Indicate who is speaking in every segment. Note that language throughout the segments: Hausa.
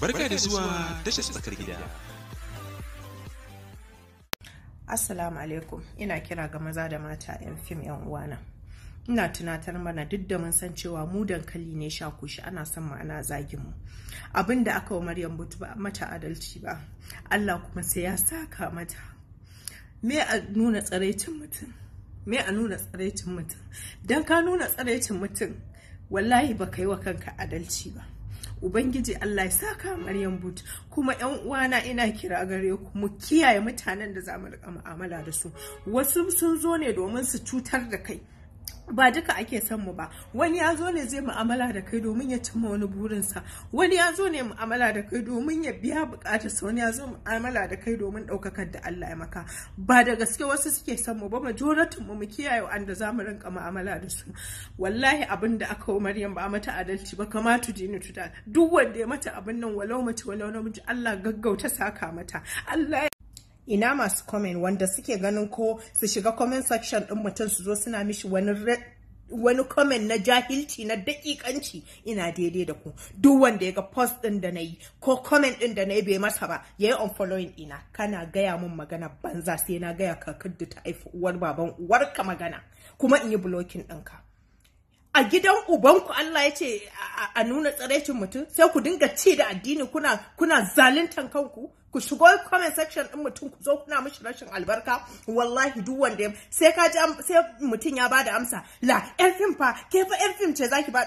Speaker 1: Barka da zuwa tashar tsakar gida.
Speaker 2: Assalamu alaikum, ina kira ga maza da mata 'yan fim 'yan uwana. Ina tunatar mana duk da mun san cewa mu dankali ne sha kushi ana son ma'ana zagin mu. Abin da aka wa Maryam Butu ba mata adalci ba. Allah kuma sai ya saka mata. Me a nuna tsaraitin mutum? Me a nuna tsaraitin mutum? Don ka nuna tsaraitin mutum, wallahi ba ka yi wa kanka adalci ba. ubangiji allah ya saka maryam but kuma yan uwana ina kira gare ku mu kiyaye mutanen da za mu mu'amala da su wasu sun zo ne domin su cutar da kai ba duka ake son mu ba wani ya zo ne zai mu'amala da kai domin ya cimma wani burinsa wani ya zo ne mu'amala da kai domin ya biya sa, wani ya zo mu'amala da kai domin ɗaukakar da Allah ya maka ba da gaske wasu suke son mu ba majoratin mu mu kiyaye wanda za mu rinka mu'amala da su wallahi abin da aka wa Maryam ba mata adalci ba kamatu ni tuta duk wanda ya mata abin nan walau mace walau namiji Allah gaggauta saka mata Allah ina masu comment wanda suke ganin ko su shiga comment section ɗin mutum su zo suna mishi wani wani komen na jahilci na daƙiƙanci ina daidai da ku duk wanda ya ga post ɗin da na yi ko komen ɗin da na yi bai masa ba ya yi unfollowing ina kana gaya min magana banza sai na gaya ka kadda ta haifi uwar baban uwarka magana kuma in yi blocking ɗinka a gidan ubanku Allah ya ce a nuna tsaraicin mutum sai ku dinga ci da addini kuna kuna zaluntan kanku ku shigo comment section din mutum ku zo kuna mishi rashin albarka wallahi duk wanda sai ka ji sai mutum ya bada amsa la yan fim fa ke fa yan fim ce zaki ba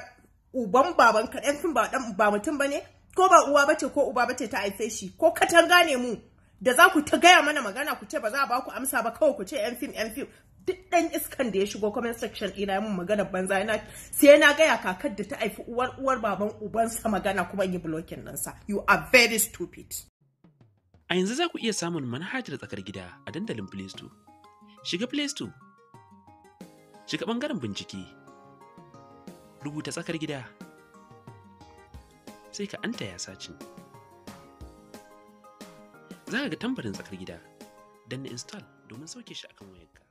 Speaker 2: uban baban ka yan fim ba dan ba mutum bane ko ba uwa bace ko uba bace ta haife shi ko katanga ne mu da za ku ta gaya mana magana ku ce ba za a ba ku amsa ba kawai ku ce yan fim yan fim duk dan iskan da ya shigo comment section ina mun magana banza ina sai na gaya kakar da ta haifi uwar uwar baban ubansa magana kuma in yi blocking ɗinsa you are very stupid
Speaker 1: A yanzu za ku iya samun manhajar tsakar gida a dandalin Play Store. Shiga Play Store, shiga ɓangaren bincike, rubuta tsakar gida, sai ka anta ya sace. Za ka ga tambarin tsakar gida, danna install domin sauke shi a kan wayarka.